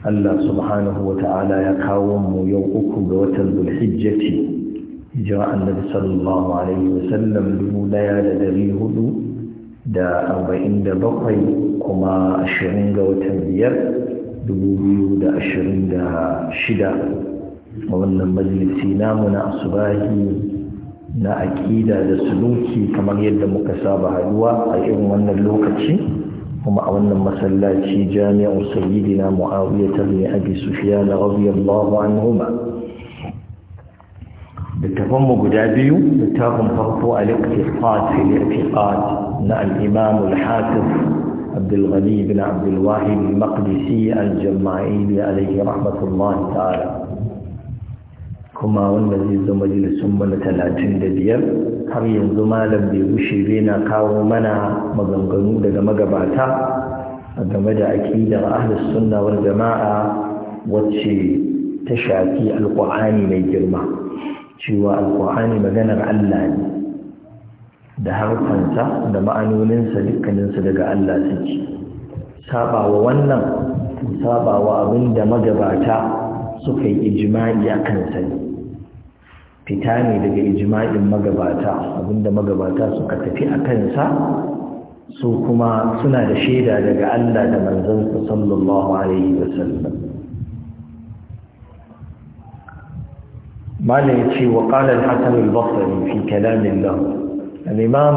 Allah subhanahu wa ta'ala ya kawo mu yau uku ga watan Zulhijjati jira Annabi sallallahu alaihi wa sallam dubu daya da dari hudu da arba'in da bakwai kuma ashirin ga watan biyar dubu biyu da ashirin da shida a wannan majalisi namu na asubahi na aƙida da suluki kamar yadda muka saba haduwa a irin wannan lokaci ومعونا في جامع سيدنا معاوية بن أبي سفيان رضي الله عنهما بتفهم قدابي بتفهم فرطو الاقتصاد في الاعتقاد نا الإمام الحاتف عبد الغني بن عبد الواحد المقدسي الجماعي عليه رحمة الله تعالى kuma wanda zai zo majalisun mana talatin da biyar har yanzu malam bai gushe bai na kawo mana maganganu daga magabata game da aƙidar ahlus sunna wal jama'a wacce ta shafi alƙur'ani mai girma cewa alƙur'ani maganar Allah ne da harkansa da ma'anoninsa dukkaninsa daga Allah suke sabawa wannan sabawa da magabata suka yi ijma'i a kansa ne fita ne daga ijma'in magabata abinda magabata suka tafi a kansa su kuma suna da shaida daga Allah da manzansa sallallahu alaihi wasallam malai ya ce wa qala al-hasan al-basri fi kalam Allah al-imam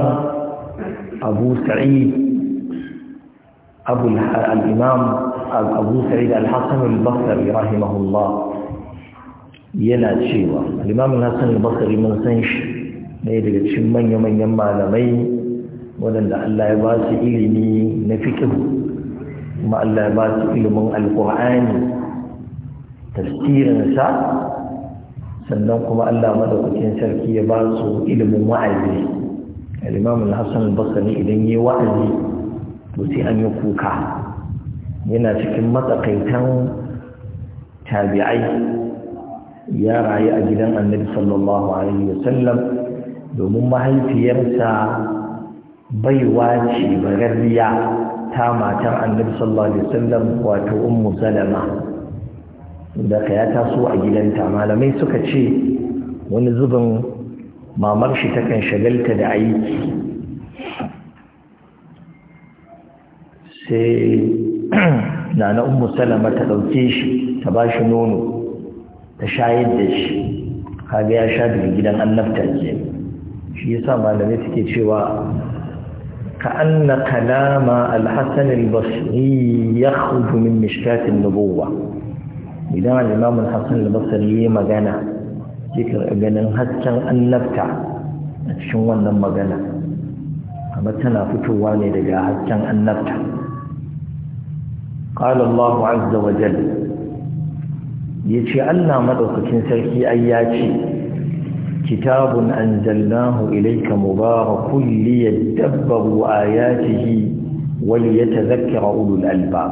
abu sa'id abu al-imam abu sa'id al-hasan al-basri rahimahullah yana cewa limamin hassan al-basri mun san shi ne daga cikin manya-manyan malamai waɗanda Allah ya ba su ilimi na fikihu kuma Allah ya ba su ilimin alƙur'ani tafsirinsa sannan kuma Allah madaukakin sarki ya ba su ilimin wa'azi limamin hassan al-basri idan yi wa'azi to sai an yi kuka yana cikin matsakaitan tabi'ai ya rayu a gidan annabi sallallahu alaihi sallam domin mahaifiyarsa baiwa ce bararriya ta matar annabi sallallahu alaihi wasallam wato ummu salama da ka ya taso a gidanta malamai suka ce wani zubin mamar shi takan shagalta da aiki sai na na ummu salama ta ɗauke shi ta ba shi nono ta shayar da shi kaga ya sha daga gidan annabta ke shi yasa malamai suke cewa ka anna kalama al-hasan al-basri yakhruju min mishkat an-nubuwah idan al-imam al-hasan al-basri ya magana yake ganin hasken annabta a cikin wannan magana amma tana fitowa ne daga hasken annabta قال الله عز وجل ya ce allah maɗaukacin sarki ai ya ce kitabun an zallahu ilaika mubarakun wani ya ta yatazakkara ulul alba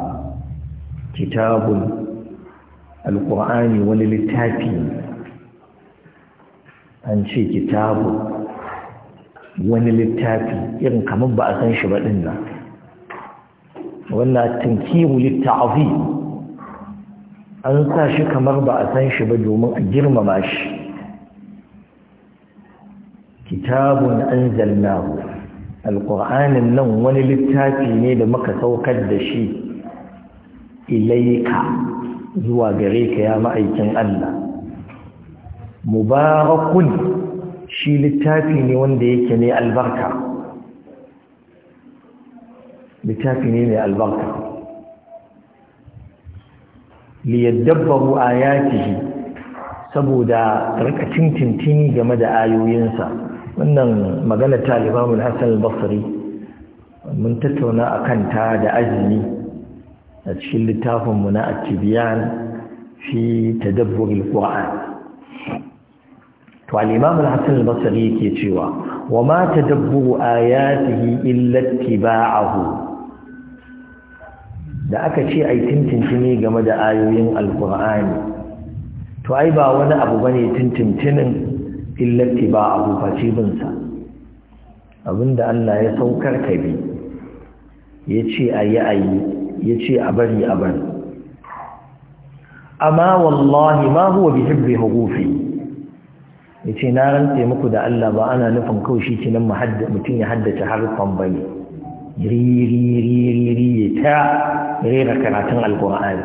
kitabun alqur'ani wani littafi an ce kitabun wani littafi irin kamar ba a san shi ba ɗin nan wannan tankiru littafi an sa shi kamar ba a san shi ba domin a girmama shi kitabun anzalnahu alƙur'anin nan wani littafi ne da muka saukar da shi ilaika zuwa gare ka ya ma'aikin Allah mubarakun shi littafi ne wanda yake ne albarka littafi ne mai albarka liyadabbaru ayatihi saboda rikacin tintini game da ayoyinsa wannan magana ta Imam Hassan al-Basri mun tattauna a kanta da azumi a cikin littafinmu na atibiyan fi ta dabbobi quran to Hassan al-Basri ke cewa wa ma ta tadabburu ayatihi a hu da aka ce ai tintintini game da ayoyin alkur'ani to ai ba wani abu bane tintintinin illati ba abu face bin sa abinda Allah ya saukar ka bi yace ayi ayi yace a bari a bari amma wallahi ma huwa bi hibbi Ya ce na rantse muku da Allah ba ana nufin kaushi kinan mutum ya haddace harfan bane riri ta rera karatun alkur'ani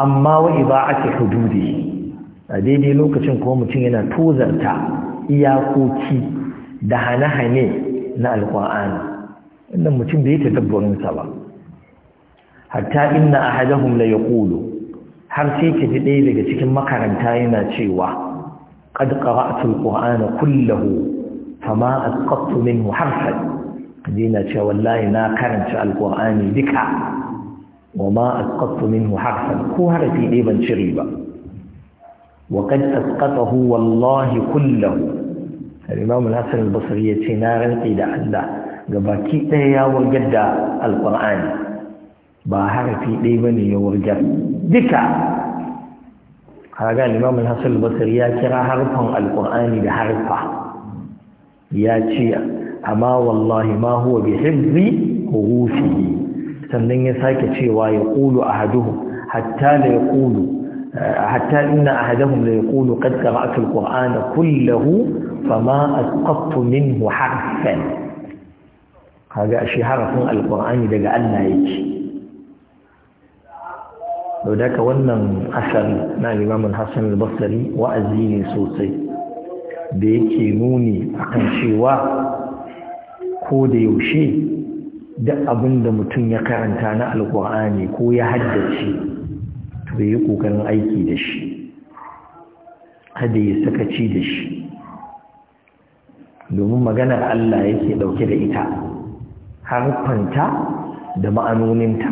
amma wa iba'ati hududi a daidai lokacin kuma mutum yana tozarta iyakoki da hane-hane na alkur'ani wannan mutum bai ta dabbarinsa ba hatta inna ahadahum ya yaqulu har sai ka ji ɗaya daga cikin makaranta yana cewa qad qara'tu alqur'ana kullahu فما أسقطت منه حرفا دينا والله ما قرنت القرآن ذكا وما أسقطت منه حرفا هو حرفي إيبا شريبا وقد أسقطه والله كله الإمام الحسن البصري تنار إلى الله قباكي إيا وجد القرآن باهرتي إيبا يورجر ذكا هذا الإمام الحسن البصري يكره حرفا القرآن بحرفه ya ce amma wallahi ma huwa bi hibzi hurufihi sannan ya sake cewa ya qulu ahaduhu hatta la yaqulu eh, hatta inna ahadahum la yaqulu qad qara'tu alqur'ana kullahu fama asqattu minhu harfan kaga ashe harafin alqur'ani daga Allah yake to daga wannan asar na Imam Hassan al-Basri wa'azi ne sosai da yake nuni akan cewa ko da yaushe duk abin da mutum ya karanta na alkur'ani ko ya haddace to yi kokarin aiki da shi kada ya sakaci da shi domin maganar Allah yake dauke da ita harfanta da ma'anoninta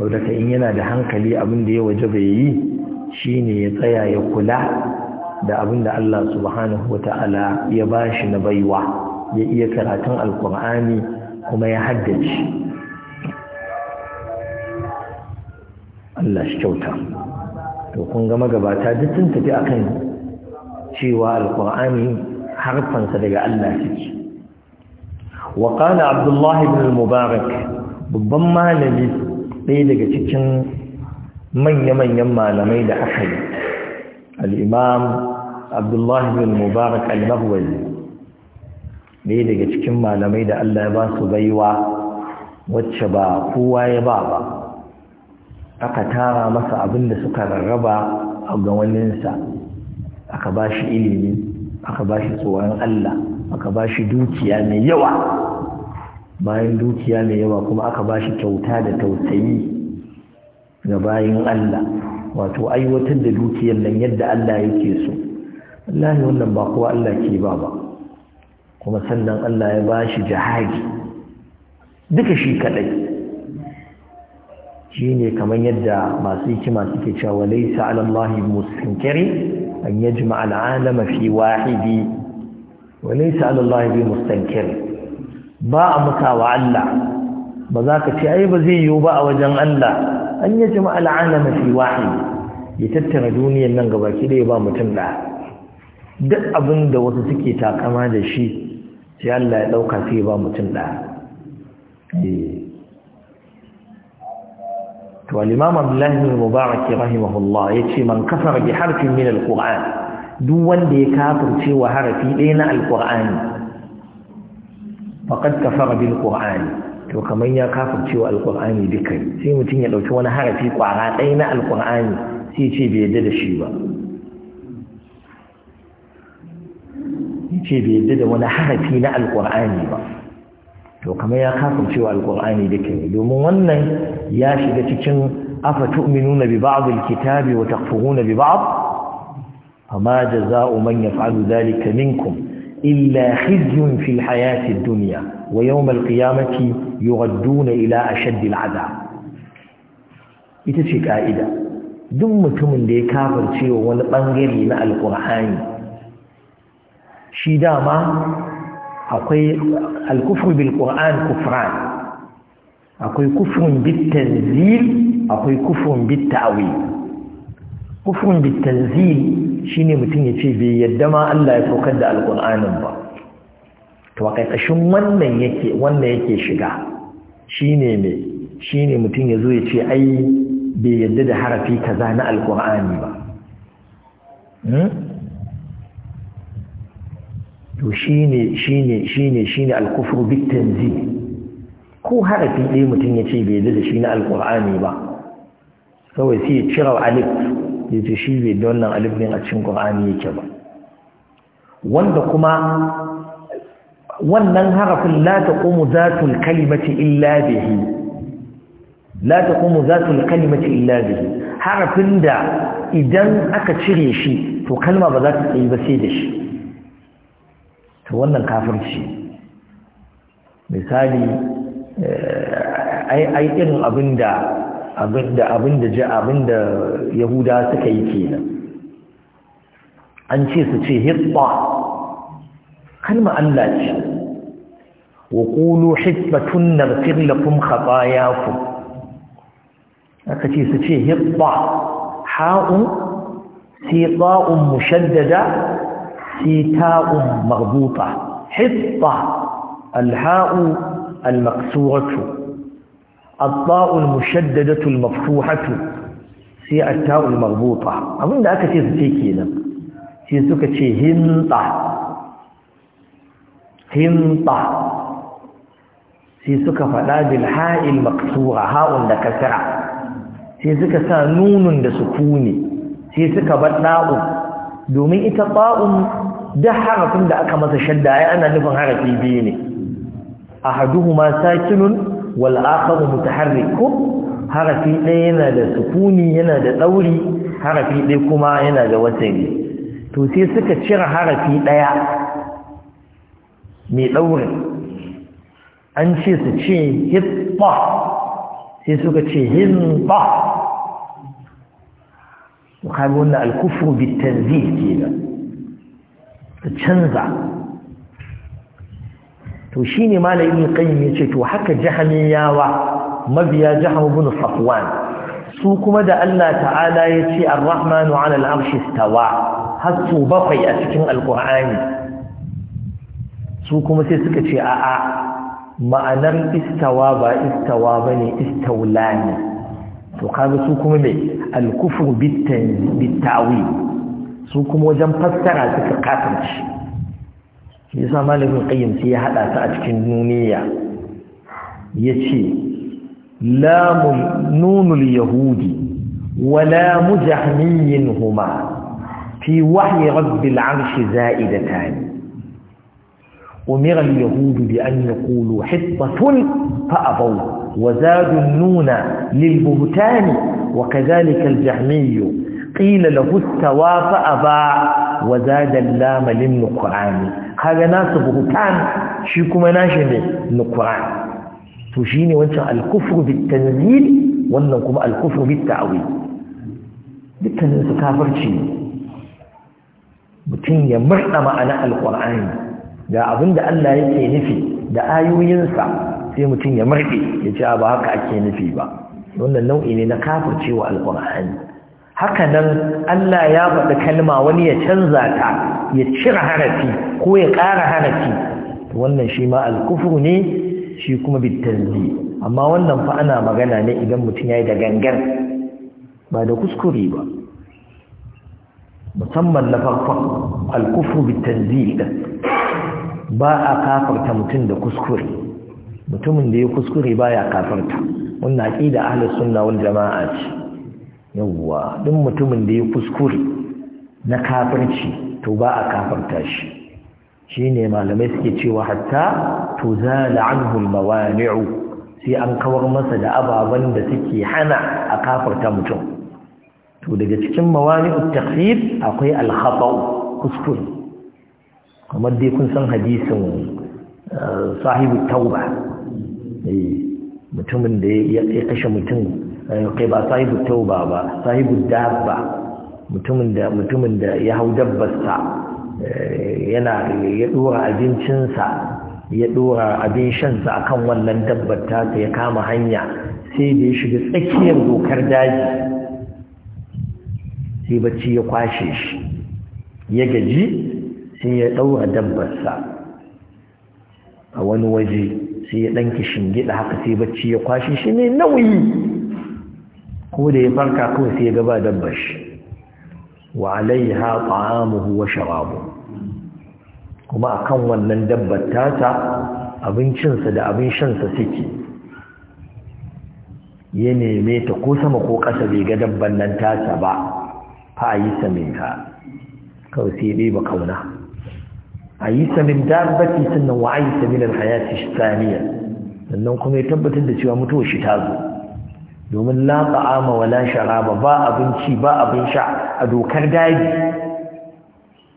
sau daga in yana da hankali abin da ya waje bai yi ne ya tsaya ya kula da abin da Allah subhanahu wa ta'ala ya ba shi na baiwa ya iya karatun alkur'ani kuma ya haddace Allah shi kyauta to kun ga magabata duk sun tafi akan cewa alkur'ani harfansa daga Allah suke wa qala abdullahi bin mubarak babban malami ɗaya daga cikin manya-manyan malamai da aka yi al'imam abdullahi bin mubarak al-mahwazi ne daga cikin malamai da Allah ya ba su baiwa wacce ba kowa ya ba ba aka tara masa abin da suka rarraba a ga waninsa aka ba shi ilimi aka ba shi tsoron Allah aka ba shi dukiya mai yawa bayan dukiya mai yawa kuma aka ba shi kyauta da tausayi ga bayan Allah wato aiwatar da dukiyar nan yadda Allah yake so wallahi wannan ba kowa Allah ke ba ba kuma sannan Allah ya ba shi jihadi duka shi kaɗai. shi ne kamar yadda masu hikima suke cewa laisa ala Allah mustinkari an yajma al'alama mafi wahidi wa laisa ala Allah bi mustankari ba a mutawa Allah ba za ka ce ai ba zai yiwu ba a wajen Allah an yajma al'alama fi wahidi ya tattara duniyar nan gaba ki ba mutum ɗaya duk abin da wasu suke takama da shi sai Allah ya ɗauka sai ba mutum ɗaya eh. to al-imam Abdullah ibn Mubarak rahimahullah yace man kafara bi harfin min al-Qur'an duk wanda ya kafirce cewa harafi ɗaya na al-Qur'ani faqad kafara bil Qur'ani to kamar ya kafirce cewa al-Qur'ani duka sai mutum ya dauki wani harafi kwara ɗaya na al-Qur'ani sai ce bai yarda da shi ba ce bai yadda da wani harafi na alƙur'ani ba to kamar ya kafa cewa alƙur'ani da ke domin wannan ya shiga cikin afa tu'minuna bi ba'd alkitabi wa takfuruna bi ba'd fama jazaa'u man yaf'alu dhalika minkum إلا خزي في الحياة wa ويوم القيامة يغدون ila أشد العذاب ita ce ka'ida duk mutumin da ya kafarcewa wani ɓangare na alƙur'ani shi dama akwai alkufru bil qur'an kufran akwai kufrun bit tanzil akwai kufrun bit ta'wil kufrun bit tanzil shine mutum yace bai yadda ma Allah ya saukar da alqur'anin ba to a ƙarƙashin wannan yake wannan yake shiga shine me shine mutum yazo ce ai bai yadda da harafi kaza na alkur'ani ba hmm? to shine shine shine shine al-kufru bit-tanzih ko harafi ɗaya mutum ya ce bai da shi na alƙur'ani ba kawai sai ya cira alif ya ce shi bai da wannan alif ɗin a cikin ƙur'ani yake ba wanda kuma wannan harafin la taqumu zatul kalimati illa bihi la taqumu zatul kalimati illa bihi harafin da idan aka cire shi to kalma ba za ta tsayi ba sai da shi to wannan kafirci misali eh, ai ai irin abinda abinda abinda ji abinda yahuda suka yi kenan an ce su ce hitba kalma Allah ce wa qulu hitbatun naghfir lakum khatayakum aka ce su ce hitba ha'un siqa'un mushaddada سيتاء مربوطة حطة الهاء المكسورة الطاء المشددة المفتوحة سي التاء المربوطة أظن ده أكثر سيكينا سيسوكة شي هنطة هنطة سيسوكة فلا بالهاء المكسورة هاء لكسرة سيسوكة سانون لسكوني سيسوكة بطاء دومي إتطاء duk harafin da aka masa shadda ai ana nufin harafi biyu ne ahaduhuma sakinun wal akharu mutaharriku harafi ɗaya yana da sukuni yana da ɗauri harafi ɗaya kuma yana da wasari to sai suka cire harafi ɗaya mai ɗauri an ce su ce hitba sai suka ce hinba kaga wannan alkufru bitanzil kenan su canza to shine malam ibn qayyim yace to haka yawa mabiya jaham ibn safwan su kuma da Allah ta'ala ce ar-rahmanu 'ala al-arshi istawa har su bakwai a cikin alqur'ani su kuma sai suka ce a'a ma'anar istawa ba istawa bane istawlani to kaga su kuma me al-kufru su kuma wajen fassara suka kafirci yasa malamin qayyim sai ya hada ta a cikin nuniya yace lamul nunul yahudi wala mujahmiyin huma في وحي رب العرش زائدتان أمر اليهود بأن يقولوا حطة فأبوا وزادوا النون للبهتان وكذلك الجهمي qila lahu tawafa aba wa zada lam lin qur'ani kaga nasu buhutan shi kuma nashi ne qur'ani to shine wancan al-kufru bit tanzil wannan kuma al-kufru bit ta'wil dukkanin su kafirci mutum ya murda ma'ana al-qur'ani ga abinda Allah yake nufi da ayoyinsa sai mutum ya marɗe ya ce ba haka ake nufi ba wannan nau'i ne na kafircewa alƙur'ani haka nan Allah ya faɗi kalma wani ya canza ta ya cire harafi ko ya ƙara harafi wannan shi ma alkufru ne shi kuma bitalbi amma wannan fa ana magana ne idan mutum ya yi da gangan ba da kuskure ba musamman na farkon alkufru bitalbi ɗin ba a kafarta mutum da kuskure mutumin da ya kuskure ba ya kafarta wannan aƙida ahlus sunna jama'a ce yawwa duk mutumin da ya kuskure na kafirci to ba a kafarta shi shine malamai suke cewa hatta tuzala anhu almawani'u sai an kawar masa da ababen da suke hana a kafarta mutum to daga cikin mawani'ut takhfif akwai al kuskure kamar dai kun san hadisin eh, sahibu tauba eh, mutumin da ya kashe mutum Eh, kai ba sahibu tauba ba sahibu dabba mutumin da mutumin da ya hau dabbarsa eh, yana ya dora abincinsa ya dora abin shansa akan wannan dabbar ta ya kama hanya sai da ya shiga tsakiyar dokar daji sai bacci ya kwashe shi ya gaji sai ya daura dabbarsa a wani waje sai ya ɗanki shingida haka sai bacci ya kwashe shi ne nauyi ko da ya farka kawai sai ya gaba dabbar shi wa alaiha ta'amuhu wa sharabu kuma akan wannan dabbar tata abincinsa da abin shansa suke ya neme ta ko sama ko ƙasa bai ga dabbar nan tata ba fa yi saminka kawai sai dai ba kauna ayi samin dabbati sannan wa ayi samin shi tsaniya. sannan kuma ya tabbatar da cewa mutuwar shi ta zo domin la ta'ama wala sharaba ba abinci ba abin sha a dokar daji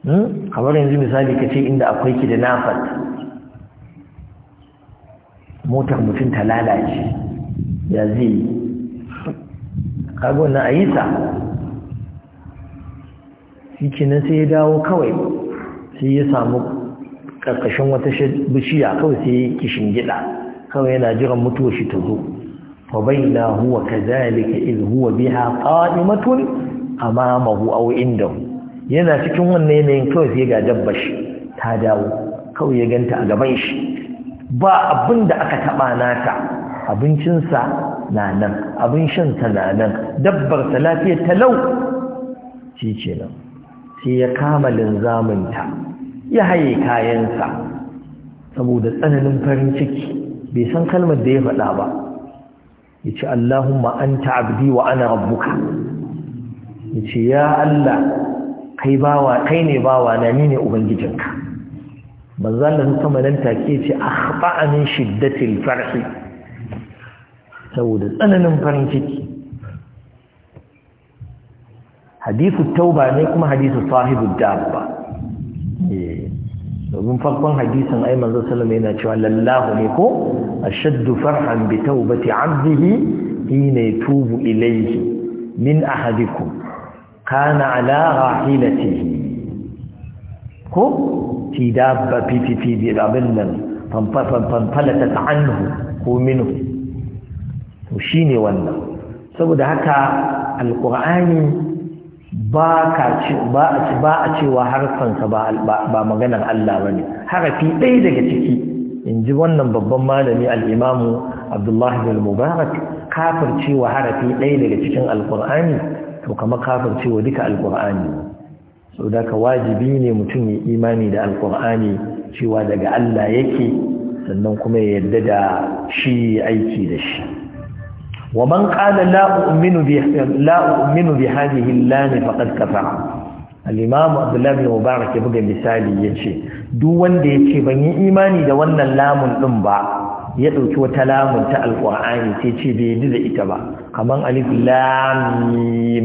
hmm? kamar yanzu misali kace inda akwai ki da nafat motar mutum ta lalace ya zai kago na ayisa shi sai ya dawo kawai sai ya samu karkashin wata bishiya kawai sai kishin gida kawai yana jiran mutuwa shi ta zo فبينا هو كذلك إذ هو بها قائمة أمامه أو عنده yana cikin wannan yanayin kawai sai ga dabbar shi ta dawo kawai ya ganta a gaban shi ba abin da aka taba nata abincinsa na nan abin shansa na nan dabbar ta lafiyar talau shi ce nan sai ya kama linzaminta ya haye sa saboda tsananin farin ciki bai san kalmar da ya faɗa ba yace Allahumma an abdi wa ana rabbuka yace ya Allah kai bawa kai ne bawa na ni ne ubangijinka manzo Allah sama nan ke ce a min shiddatil farfi. saboda tsananin farin ciki hadithu tauba ne kuma Hadisu sahibud dabba ba. Eh. domin farkon hadisin ai manzo sallama yana cewa lallahu ne ko ashaddu farhan bi tawbati abdihi hina yatubu ilayhi min ahadikum kana ala rahilatihi ko ti dabba fi fi fi bi abin nan fanfalata ta anhu ko minhu to shine wannan saboda haka alqur'ani ba ba a cewa harfansa ba maganar Allah bane harafi ɗaya daga ciki in ji wannan babban malami al Abdullah bin Mubarak Kafin cewa harafi ɗaya daga cikin alkur'ani to kama kafin cewa duka alkur'ani so da ka wajibi ne mutum ya imani da alkur'ani cewa daga Allah yake sannan kuma ya yarda da shi aiki da shi ومن قال لا أؤمن لا أؤمن بهذه اللام فقد كفر الإمام عبد الله بن مبارك يبقى مثالي يجي دو وند يجي بني إيماني دا وند اللام الأنبا يدوك وتلام تاء القرآن تيجي بيدد إتبا كمان ألف لام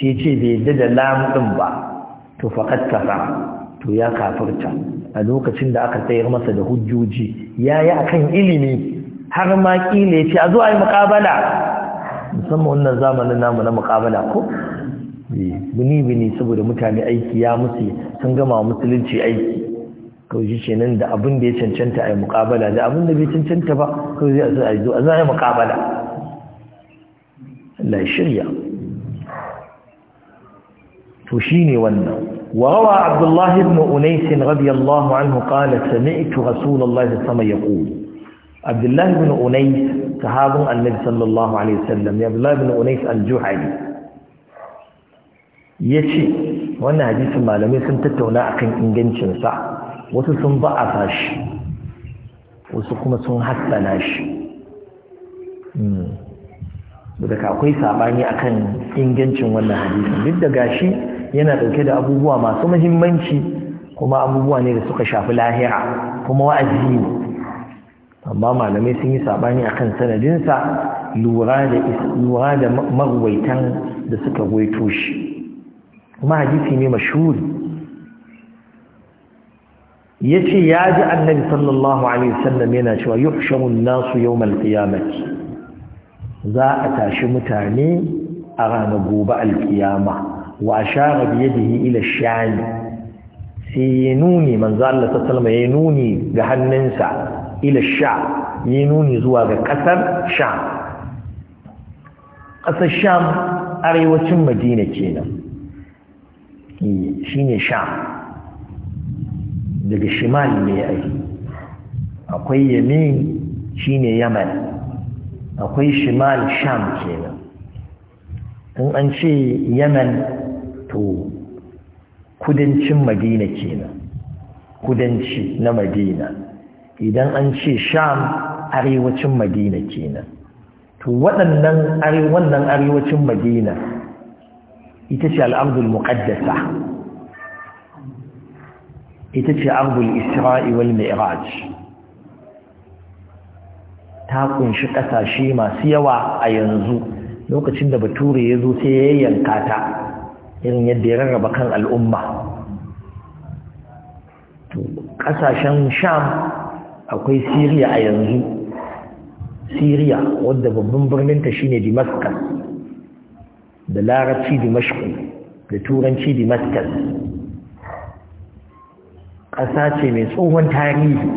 تيجي بيدد لام الأنبا تو فقد كفر تو يا كافرتا a lokacin da aka tsayar masa da hujjoji ya yi akan ilimi har ma kila ya a zo a yi muƙabala musamman wannan zamanin namu na muƙabala ko bini-bini eh, saboda mutane aiki ya musu sun gama musulunci aiki kawai shi nan da abin da ya cancanta a yi muƙabala da abin da bai cancanta ba kawai zai a zo a za a yi muƙabala Allah shirya to shi ne wannan وروى عبد الله بن أنيس رضي الله عنه قال سمعت رسول الله صلى الله عليه abdullahi bin unais sahabin annabi sallallahu alaihi abdullahi bin unais al-juhani yace wannan hadisin malamai sun tattauna akan ingancin sa wasu sun ba'afa shi wasu kuma sun hassana shi hmm. daga akwai sabani akan ingancin wannan hadisin duk da gashi yana dauke da abubuwa masu muhimmanci kuma abubuwa ne da suka shafi lahira kuma wa'azi ne amma malamai sun yi sabani akan sanadinsa lura da magwaitan da suka gwaito shi kuma hadisi ne mashhuri yace ya ji annabi sallallahu alaihi wasallam yana cewa yuhsharun nasu yawmal qiyamati za a tashi mutane a ranar gobe alkiyama wa ashara bi yadihi ila shani sai ya nuni manzo Allah sallallahu alaihi wasallam ya nuni ga hannunsa ila sha ya nuni zuwa ga kasar sha ƙasar sham arewacin madina kenan e, shine sha daga shimal ne ai akwai yamin shine yaman akwai shimal sham kenan in an ce yaman to kudancin madina kenan kudanci na madina idan an ce sham arewacin madina kenan to waɗannan wannan arewacin madina ita ce al'abdul muƙaddasa ita ce abdul isra'i wal mi'raj ta ƙunshi ƙasashe masu yawa a yanzu lokacin da bature ya zo sai ya yanka ta irin yadda ya rarraba kan al'umma ƙasashen sham akwai siriya a yanzu siriya wadda babban birninta shine damascus da larabci Damascus, da turanci damascus ƙasa ce mai tsohon tarihi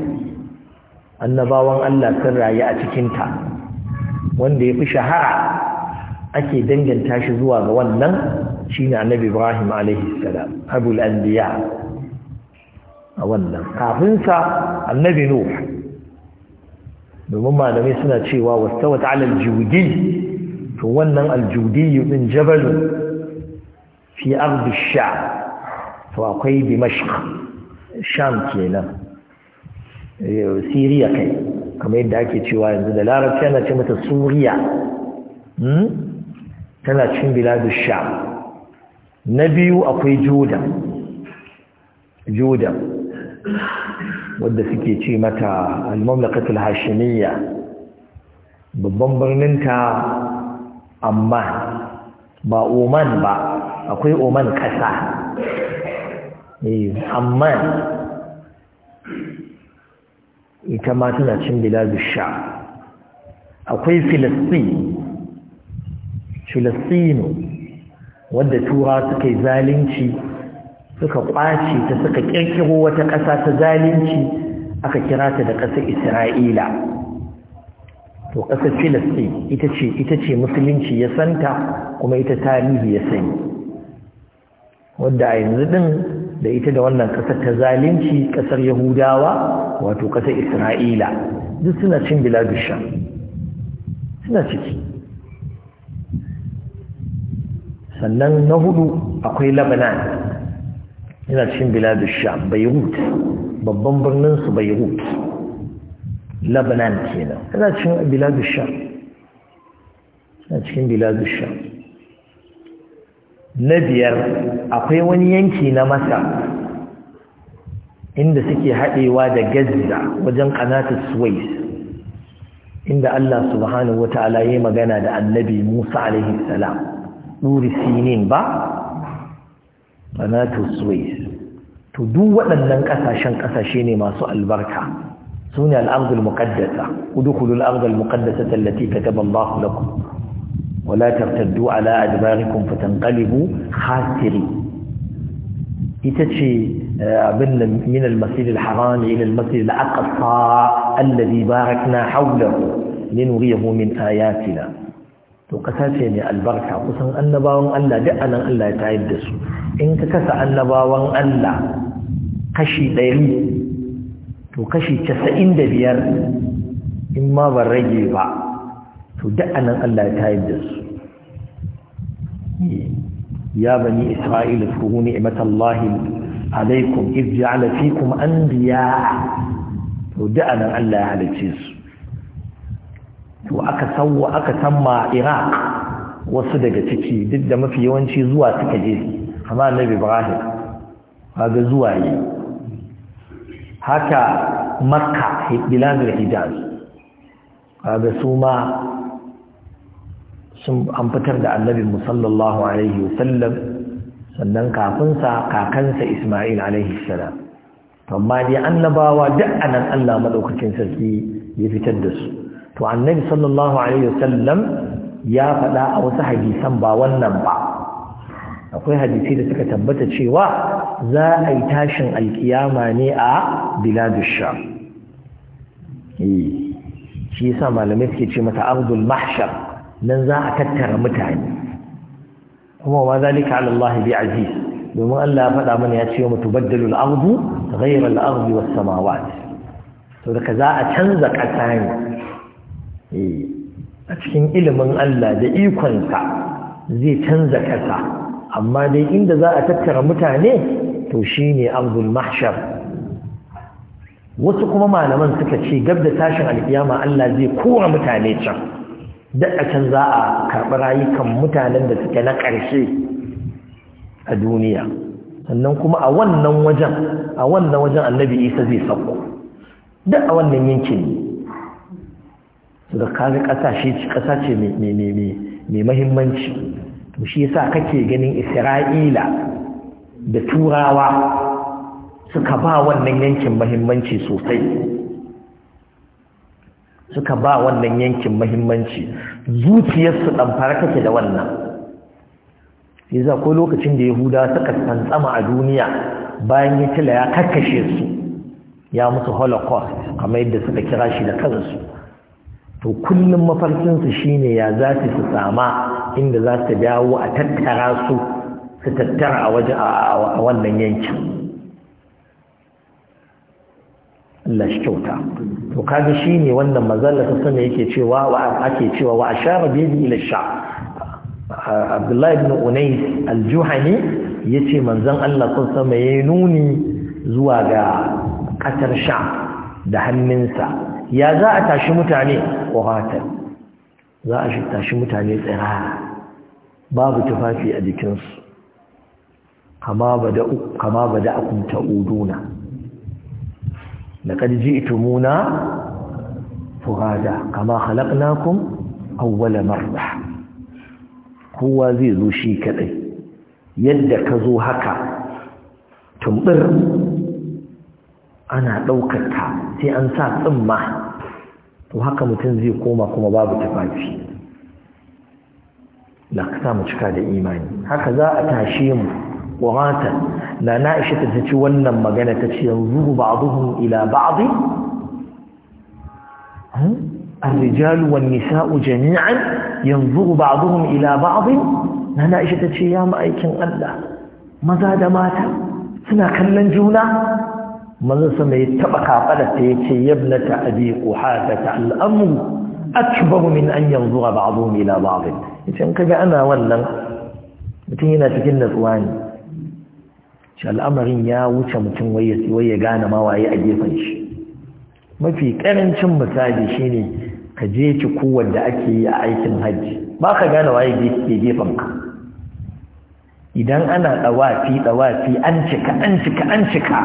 annabawan allah sun rayu a cikinta wanda ya fi shahara ake danganta shi zuwa ga wannan shine annabi ibrahim alaihi salam abul anbiya a wannan kafinsa annabi nuh domin malamai suna cewa wastawat ala aljudi to wannan aljudi din jabal fi ardi sham to akwai dimashq sham kenan eh, siriya kai kamar yadda ake cewa yanzu da larabci ana ce mata suriya hmm? tana cikin biladun sha na biyu akwai jordan wadda suke ce mata al-mamlakatul hashimiyya babban birninta amma ba oman ba akwai oman kasa eh, amma ita ma tana cin sha akwai filistin filistinu wadda tura suka zalunci suka kwace ta suka ƙirƙiro wata ƙasa ta zalunci aka kira ta da ƙasar isra'ila to ƙasar filistin ita ce ita ce musulunci ya santa kuma ita tarihi ya sani wadda a yanzu ɗin da ita da wannan ƙasar ta zalunci ƙasar yahudawa wato ƙasar isra'ila duk suna cin biladusha suna ciki sannan na hudu akwai labanan yana cikin biladu beirut babban birnin beirut lebanon kenan yana cikin biladu sham yana cikin biladu na biyar akwai wani yanki na masa inda suke haɗewa da gazza wajen ƙanatar suwais inda allah subhanahu wa ta'ala ya magana da annabi musa alaihi salam ɗuri sinin ba ƙanatar suwais to duk waɗannan ƙasashen ƙasashe ne masu albarka su ne al'adul muƙaddasa udukulu al'adul muƙaddasa tallafi gaban taɓa Allah lakum wala tartaddu ala adbarikum ƙalibu khasiri ita ce eh, abin nan min al-masjid ila al-masjid al barakna hawlahu linuriyahu min ayatina to ƙasa ne mai albarka kusan annabawan Allah duk anan Allah ya tayar da su in ka kasa annabawan Allah kashi ɗari to kashi casa'in da biyar in ma ban rage ba to duk anan Allah ya tayar da su ya bani isra'ila furu ni'matallahi alaikum iz kuma an biya to duk anan Allah ya halice su to aka sawwa aka tamma iraq wasu daga ciki duk da mafi yawanci zuwa suka je amma annabi ibrahim kaga zuwa yi haka makka biladul hijaz kaga su ma sun an fitar da annabi musallallahu alaihi wasallam sannan kafinsa kakansa isma'il alaihi salam amma dai annabawa duk anan Allah madaukakin sarki ya fitar da su to annabi sallallahu alaihi wasallam ya faɗa a wasu hadisan ba wannan ba akwai hadisi da suka tabbata cewa za a yi tashin alkiyama ne a biladu sham eh, shi yasa malamai suke ce mata arzul mahshar nan za a tattara mutane kuma ma zalika ala Allah bi aziz domin Allah ya faɗa mana ya ce mutu tubaddalu al-ardu ghayra al-ardi was samawat to da za a canza ƙasa ne eh, a cikin ilimin Allah da ikonsa zai canza ƙasa amma dai inda za a tattara mutane to ne abdul mahshar wasu kuma malaman suka ce gab da tashin alkiyama Allah zai kowa mutane can daɗa can za a karɓi rayukan mutanen da suke na ƙarshe a duniya sannan kuma a wannan wajen a wannan wajen annabi isa zai sauko duk a wannan yankin ne su da shi ƙasashe ƙasa ce mai mahimmanci to shi yasa kake ganin isra'ila da turawa suka ba wannan yankin mahimmanci sosai suka ba wannan yankin mahimmanci zuciyarsu ɗanfara take da wannan yaza ko lokacin da yahuda suka tsantsama a duniya bayan ya tila ya karkashe su ya musu holocaust kamar yadda suka kira shi da kansu to kullum mafarkinsu shine ya za su sama inda za su dawo a tattara su su tattara a waje a wannan yankin Allah shi kyauta to kaga wannan mazalla ta sanin yake cewa wa ake cewa wa ashara bi ila sha Abdullahi ibn Unais al-Juhani yace manzon Allah sun sama yayi nuni zuwa ga kasar sha da hannunsa ya za a tashi mutane ƙwatar za a tashi mutane tsirara babu tufafi a jikinsu kama bada kama bada akum ta'uduna laqad ji'tumuna furada kama khalaqnakum awwala marra kowa zai zo shi kadai yadda ka zo haka tumbir ana daukar ta sai an sa tsimma to haka mutum zai koma kuma babu tufafi da ka mu cika da imani haka za a tashe mu quratan na na na'isha ta ci wannan magana ta ce yanzu ba'dhum ila ba'd الرجال والنساء جميعا ينظر بعضهم إلى بعض نانا إيش ta يا ya ma'aikin Allah maza da mata suna kallon juna manzansa mai taba kafadarta ta ce yabna ta abi kuhata ta al'amuru akbaru min an yanzu a ila mila ba'adu ya ce in kaga ana wannan mutum yana cikin natsuwa ne shi al'amarin ya wuce mutum wai ya gane ma waye a gefen shi mafi karancin misali shine ka je ki kowa da ake yi a aikin hajji ba ka gane waye ke gefen ka idan ana dawafi dawafi an cika an cika an cika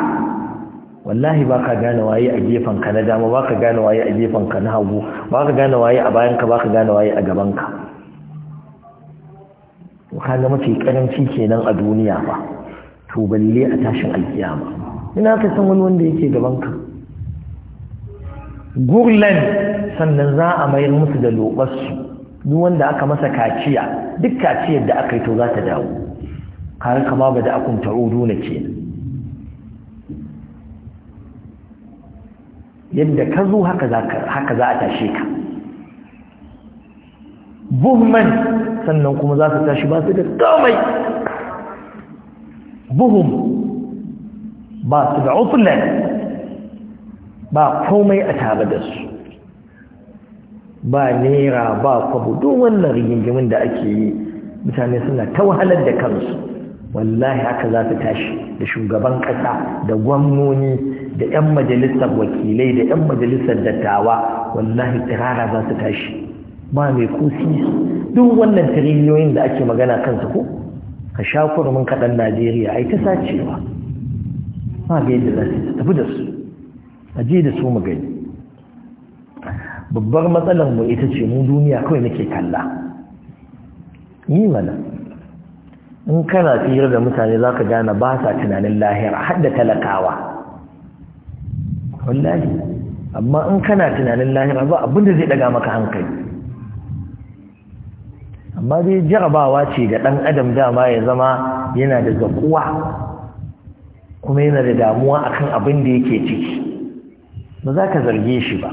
wallahi ba ka gane waye a gefen ka na dama ba ka gane waye a gefen ka na hagu ba ka gane waye a bayan ka ba ka gane waye a gaban ka kaga mafi karanci kenan a duniya ba to balle a tashin alkiyama ina ka san wani wanda yake gaban ka gurlan sannan za a mayar musu da lobarsu duk wanda aka masa kaciya duk kaciyar da aka yi to za ta dawo kare kama ba da akun udu na ke yadda ka zo haka za a tashe ka buhman sannan kuma za su tashi ba su da komai buhum ba su da ofinan ba komai a tare da su ba nera ba kwabo duk wannan rigingimin da ake yi mutane suna ta wahalar da kansu wallahi haka za su tashi da shugaban ƙasa da gwamnoni da 'yan majalisar wakilai da 'yan majalisar dattawa wallahi tsirara za su tashi ba mai kusi duk wannan tiriliyoyin da ake magana kansu ko ka sha mun kaɗan najeriya a yi ta sacewa ma ga yadda za su tafi da su a ji da su mu gani babbar matsalar mu ita ce mu duniya kawai nake kalla yi mana in kana tsira da mutane za ka gane ba sa tunanin lahira har da talakawa wallahi amma in kana tunanin lahira ba abinda zai daga maka hankali amma dai jarabawa ce ga ɗan adam dama ya zama yana da zakuwa kuma yana da damuwa akan abin da yake ciki ba za ka zarge shi ba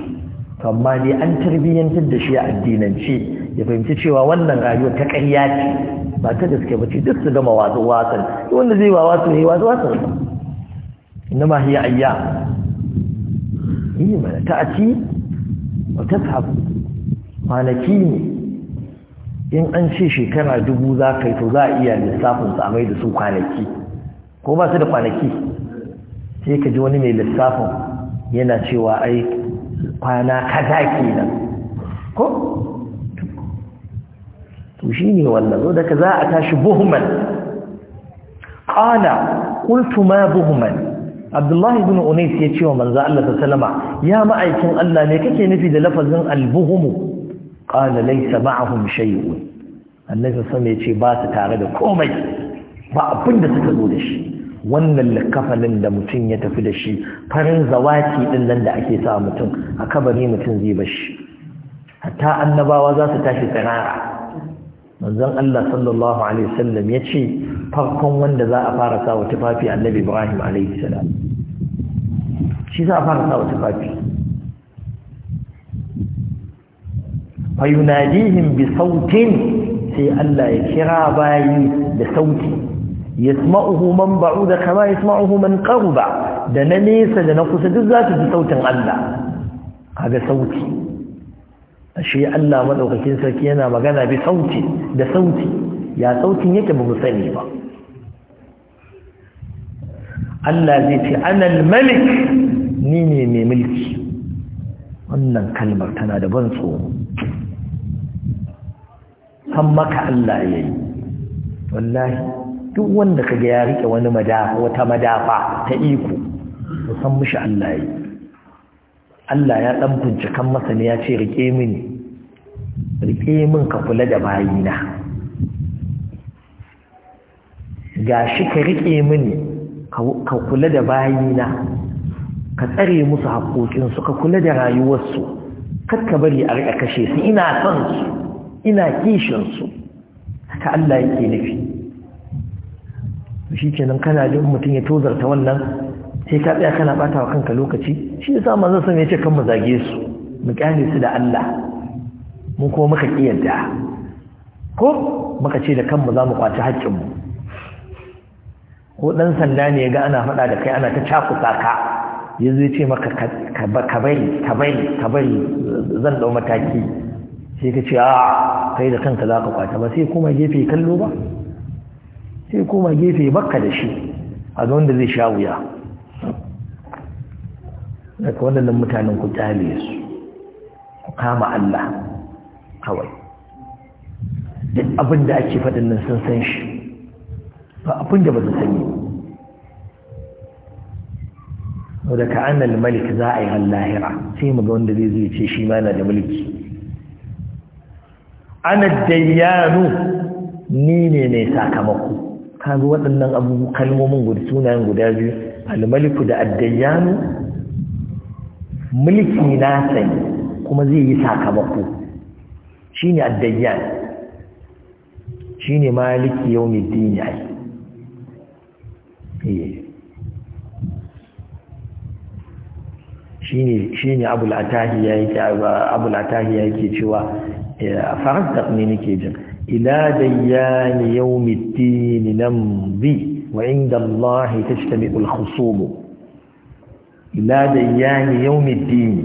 amma dai an tarbiyyantar da shi a addinance ya fahimci cewa wannan rayuwa ta ƙarya ce ba ta gaske ba ce duk su gama wasan. watsan wanda zai wa watsu ne wasu watsan na ma hiya ayya yi mana ta a ba ta sabu kwanaki ne in an ce shekara dubu za ka yi to za a iya lissafin tsamai da su kwanaki ko ba su da kwanaki sai ka ji wani mai lissafin yana cewa ai kwana kaza kenan ko to shi ne wannan zo daga za a tashi buhman ƙana ƙultu ma buhman abdullahi bin unais ya ce wa manzo Allah salama. ya ma'aikin Allah ne kake nufi da lafazin albuhumu قال ليس معهم شيء annabi sama yace ba su tare da komai ba abin da suka zo da shi wannan likafalin da mutum ya tafi da shi farin zawaki din nan da ake sa mutum a kabari mutum zai bashi hatta annabawa za su tashi tsirara manzon Allah sallallahu alaihi wasallam yace farkon wanda za a fara sa wa tufafi annabi Ibrahim alaihi salam shi za a fara sa wa tufafi fa yunadihim bi sautin sai Allah ya kira bayi da sauti yasma'uhu man ba'uda kama yasma'uhu man qarba da na nesa da na kusa duk za su ji sautin Allah kaga sauti ashe Allah madaukakin sarki yana magana bi sauti da sauti ya sautin yake ba mu sani ba Allah zai ce anal malik ni ne mai mulki wannan kalmar tana da ban tsoro kan maka Allah ya yi wallahi duk wanda kaga ya rike wani madafa wata madafa ta iko to san mishi Allah ya yi Allah ya dan kan masa ne ya ce rike mini rike min ka kula da bayina gashi ka rike mini ka kula da bayina ka tsare musu haƙoƙinsu ka kula da rayuwarsu kar ka bari a riƙa kashe su ina son su ina kishinsu haka Allah yake nufi shi kenan kana jin mutum ya tozarta wannan sai ka tsaya kana bata wa kanka lokaci shi yasa manzon ya ce kan mu zage su mu kyale su da Allah mu ko muka kiyarda ko muka ce da kanmu zamu kwaci haƙƙin mu ko ɗan sanda ne ya ga ana faɗa da kai ana ta cakusa ka yanzu ya ce maka ka bari ka bari zan ɗau mataki sai ka ce a kai da kanka za ka kwata ba sai kuma gefe kallo ba sai kuma gefe bakka da shi a ga wanda zai sha wuya daga waɗannan mutanen ku kyale su ku kama Allah kawai duk abin da ake faɗin nan sun san shi ba abin da ba su sani wadda ka annal malik za a yi lahira sai mu ga wanda zai zai ce shi ma na da mulki ana dayyanu ni ne ne sakamako kaga waɗannan abubu kalmomin guda sunayen guda biyu almaliku da addayyanu mulki na sai kuma zai yi sakamako shine addayyan shine maliki yawmiddin ai eh shine shine abul atahi yake abul atahi yake cewa فرزق من كيجن إلى ديان يوم الدين نمضي وعند الله تجتمع الخصوم إلى ديان يوم الدين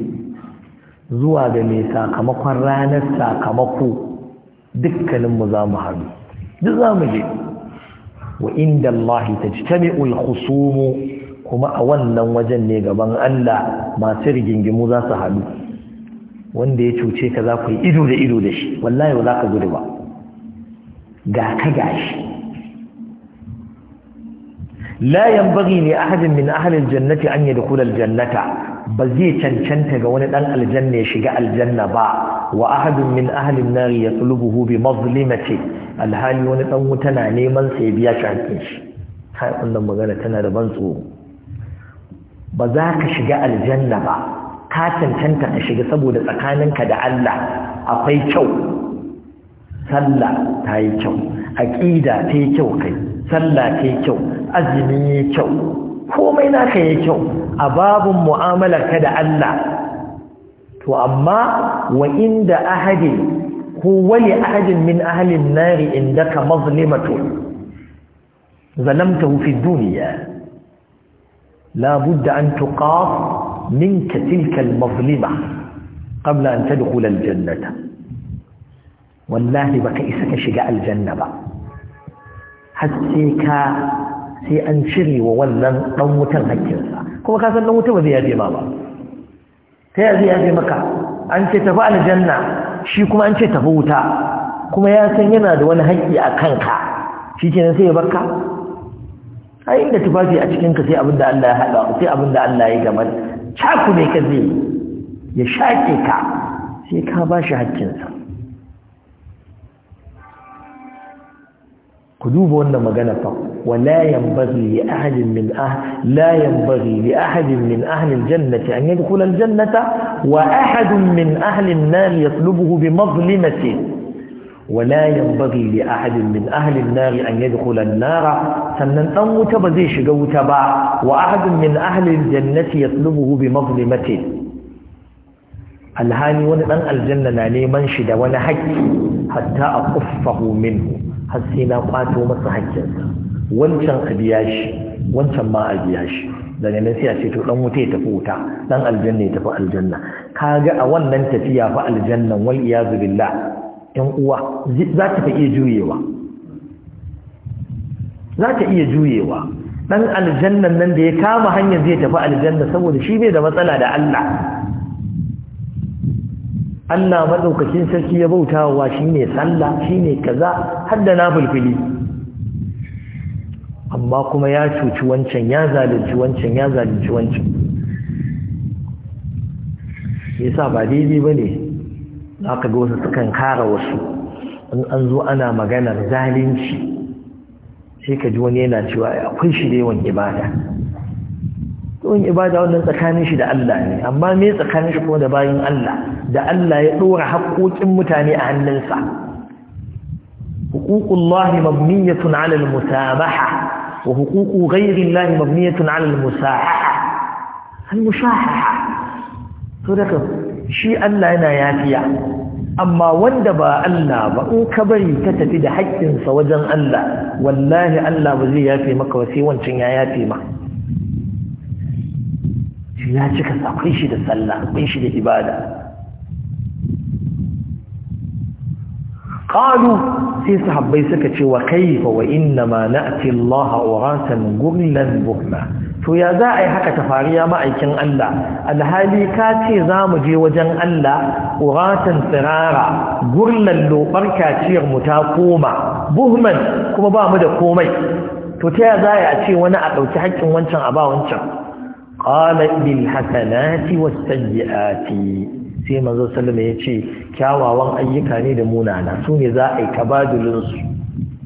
zuwa ga mai sakamakon ranar sakamako dukkaninmu za mu haɗu duk za mu je wa inda Allah ta ci tami'ul husumu kuma a wannan wajen ne gaban Allah masu rigingimu za su haɗu wanda ya cuce ka za ku yi ido da ido da shi wallahi ba za ka gudu ba ga ka gashi la yanbaghi li ahadin min ahli aljannati an yadkhula aljannata ba zai cancanta ga wani dan aljanna ya shiga aljanna ba wa ahadun min ahli an-nar yatlubuhu bi mazlimati alhali wani dan wuta na neman sa ya biya shakin shi kai wannan magana tana da ban tsoro ba za ka shiga aljanna ba ka cancanta a shiga saboda tsakaninka da Allah akwai kyau sallah ta yi kyau aƙida ta yi kyau kai sallah ta yi kyau azumi ya yi kyau komai naka ya yi kyau a babin mu'amalar ka da Allah to amma wa inda ahadin ko wani ahadin min ahalin nari indaka mazlimatun zalamtahu fi duniya la an tuqaf منك تلك المظلمة قبل أن تدخل الجنة والله بك إسك شجاء الجنة با حسيك سي أنشري وولن نموت المكرسة كما كاسا نموت وذي أبي ماما تأذي أبي مكا أنت تفعل الجنة شيكما أنت تفوتا كما ياسن يناد ونهي أكنكا شيكنا سيبكا a inda tufafi a cikinka sai abinda Allah ya haɗa sai abinda Allah ya gamar شاكو بيك الزين يشاكيكا سيكا باشا هالجنسا قلوب ولا مغنفة ولا ينبغي لأحد من أهل لا ينبغي لأحد من أهل الجنة أن يدخل الجنة وأحد من أهل النار يطلبه بمظلمته ولا ينبغي لأحد من أهل النار أن يدخل النار سنن أموت بزيش قوت با وأحد من أهل الجنة يطلبه بمظلمة الهاني ونأن الجنة ناني منشد ونحك حتى أقفه منه حسينا قاتوا مصحك وانشان أبياش وانشان ما أبياش daga nan sai a ce to dan wuta ya tafi wuta dan aljanna ya tafi aljanna kaga a wannan tafiya fa aljannan wal iyazu billah ‘yan uwa za ta iya juyewa za ta iya juyewa ɗan aljannan nan da ya kama hanyar zai tafi aljanna saboda shi bai da matsala da Allah Allah maɗaukacin sarki ya bautawa shi ne sallah shi ne kaza har da na fulfili amma kuma ya cuci wancan ya zalunci wancan ya zalunci wancan yasa ba daidai ba ne aka ka ga wasu sukan kara wasu in an zo ana maganar zalunci sai ka ji wani yana cewa akwai shi da yawan ibada yawan ibada wannan tsakanin shi da Allah ne amma me tsakanin shi kuma da bayan Allah da Allah ya ɗora haƙoƙin mutane a hannunsa huququllahi mabniyatun 'ala al-musabaha wa huququ ghayri Allah mabniyatun 'ala al shi Allah yana yafiya amma wanda ba Allah ba in ka bari ta tafi da haƙƙinsa wajen Allah wallahi Allah ba zai yafe maka sai wancan ya yafe ma shi ya cika akwai shi da sallah akwai shi da ibada qalu sai sahabbai suka ce wa kayfa wa inna ma na'ti Allah uratan gurlan buhma to ya za a yi haka ta fariya ya ma'aikin Allah alhali ka ce za mu je wajen Allah ƙuratan tsirara gurlan lobar kaciyar mu ta koma buhman kuma ba mu da komai to ta ya za a ce wani a ɗauki haƙƙin wancan a ba wancan qala bil hasanati was sai manzo sallama ce kyawawan ayyuka ne da munana su ne za a yi tabadulun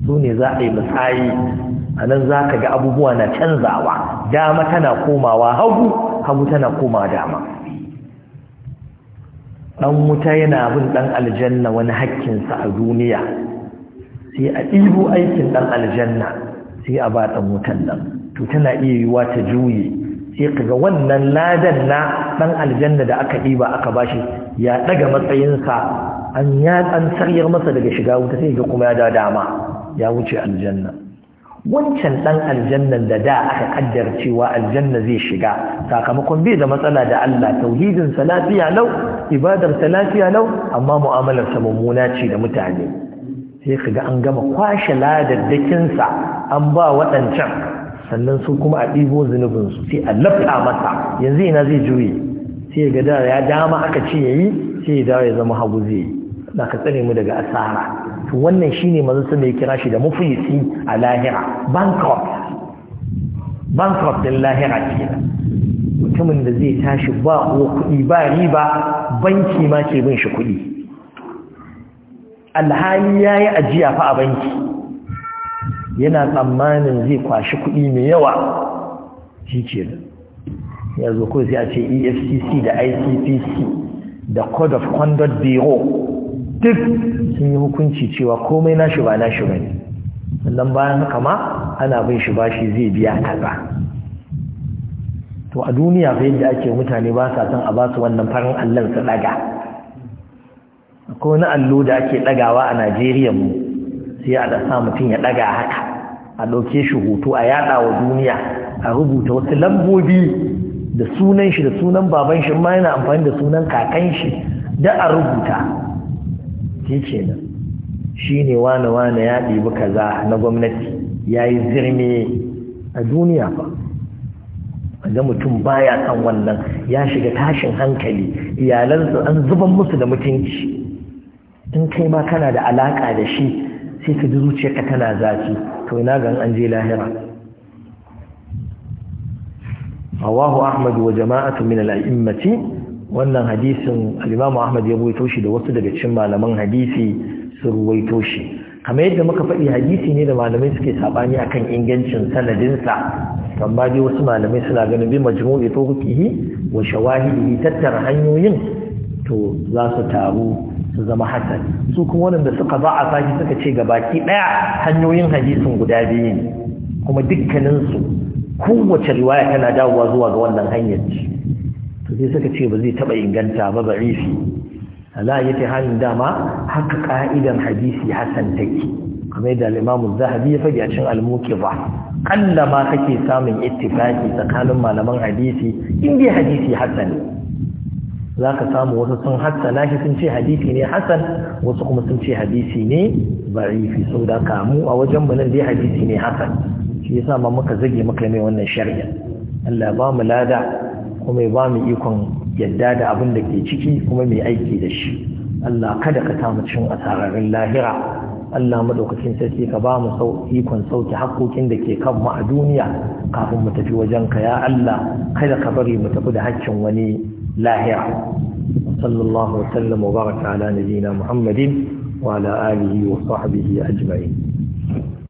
su ne za a yi musayi anan za ka ga abubuwa na canzawa dama tana komawa hagu hagu tana koma dama dan wuta yana bin dan aljanna wani hakkinsa a duniya sai a ɗibo aikin dan aljanna sai a ba dan wutan nan to tana iya yiwa ta juye sai kaga wannan ladan na dan aljanna da aka ɗiba aka bashi ya daga matsayin an ya an saryar masa daga shiga wuta sai ga kuma ya da dama ya wuce aljanna wancan ɗan aljannan da da aka kaddar cewa aljanna zai shiga sakamakon bai da matsala da Allah sa lafiya lau sa lafiya lau amma mu'amalar ta mummuna ce da mutane sai kaga an gama kwashe sa an ba waɗancan sannan su kuma a zunubin su sai a masa yanzu ina zai juye sai ga da ya dama aka ce yayi sai ya dawo ya zama hagu zai yi za ka tsare mu daga asara to wannan shine manzo sai ya kira shi da muflisi a lahira bankrupt bankrupt din lahira kenan mutumin da zai tashi ba ko kuɗi ba riba banki ma ke bin shi kuɗi alhali yayi ajiya fa a banki yana tsammanin zai kwashi kuɗi mai yawa shi ke yanzu ko sai a ce EFCC da ICPC da Code of Conduct Bureau duk sun yi hukunci cewa komai nashi ba na shi bane wannan bayan haka ma ana bin shi bashi zai biya kaza to a duniya fa yadda ake mutane ba sa son a ba su wannan farin allon su daga akwai wani allo da ake dagawa a Najeriya mu sai a sa mutum ya daga haka a ɗauke shi hoto a yada wa duniya a rubuta wasu lambobi da sunan shi da sunan baban shi ma yana amfani da sunan kakan shi da a rubuta shi kenan shi ne wane-wane ya ɗibi kaza na gwamnati ya yi zirme a duniya ba wanda mutum baya kan wannan ya shiga tashin hankali iyalansu an zuban musu da mutunci in kai ma kana da alaƙa da shi sai ka ji ka tana zafi to ina ga an je lahira wa jama'atu min al الأئمة wannan hadisin alimamu Ahmad ya ruwaito shi da wasu daga cikin malaman hadisi su ruwaito shi kamar yadda muka faɗi hadisi ne da malamai suke saɓani akan ingancin sanadinsa amma dai wasu malamai suna ganin bi majmu'i tuqihi wa shawahidihi tattara hanyoyin to za su taru su zama hasan su kuma wanda suka ba a saki suka ce baki ɗaya hanyoyin hadisin guda biyu ne kuma dukkaninsu kowace riwaya tana dawowa zuwa ga wannan hanyar ce sai suka ce ba zai taɓa inganta ba ba rifi ala ya ta hannun dama haka ka'idar hadisi hasan take kamar da al'imamu zahabi ya fage a cin almuki ba kalla ma kake samun ittifaki tsakanin malaman hadisi in dai hadisi hasan ne za ka samu wasu sun hassana shi sun ce hadisi ne hasan wasu kuma sun ce hadisi ne ba'ifi sun da kamu a wajen mu nan dai hadisi ne hasan shi yasa ma muka zage muka mai wannan shari'a Allah ba mu lada kuma ya ba mu ikon yadda da abin da ke ciki kuma mai aiki da shi Allah kada ka samu cin asararin lahira Allah madaukakin sarki ka ba mu ikon sauke haƙoƙin da ke kan mu a duniya kafin mu tafi wajen ka ya Allah kada ka bari mu tafi da haƙƙin wani lahira sallallahu alaihi wa sallam wa baraka ala muhammadin wa ala alihi wa sahbihi ajma'in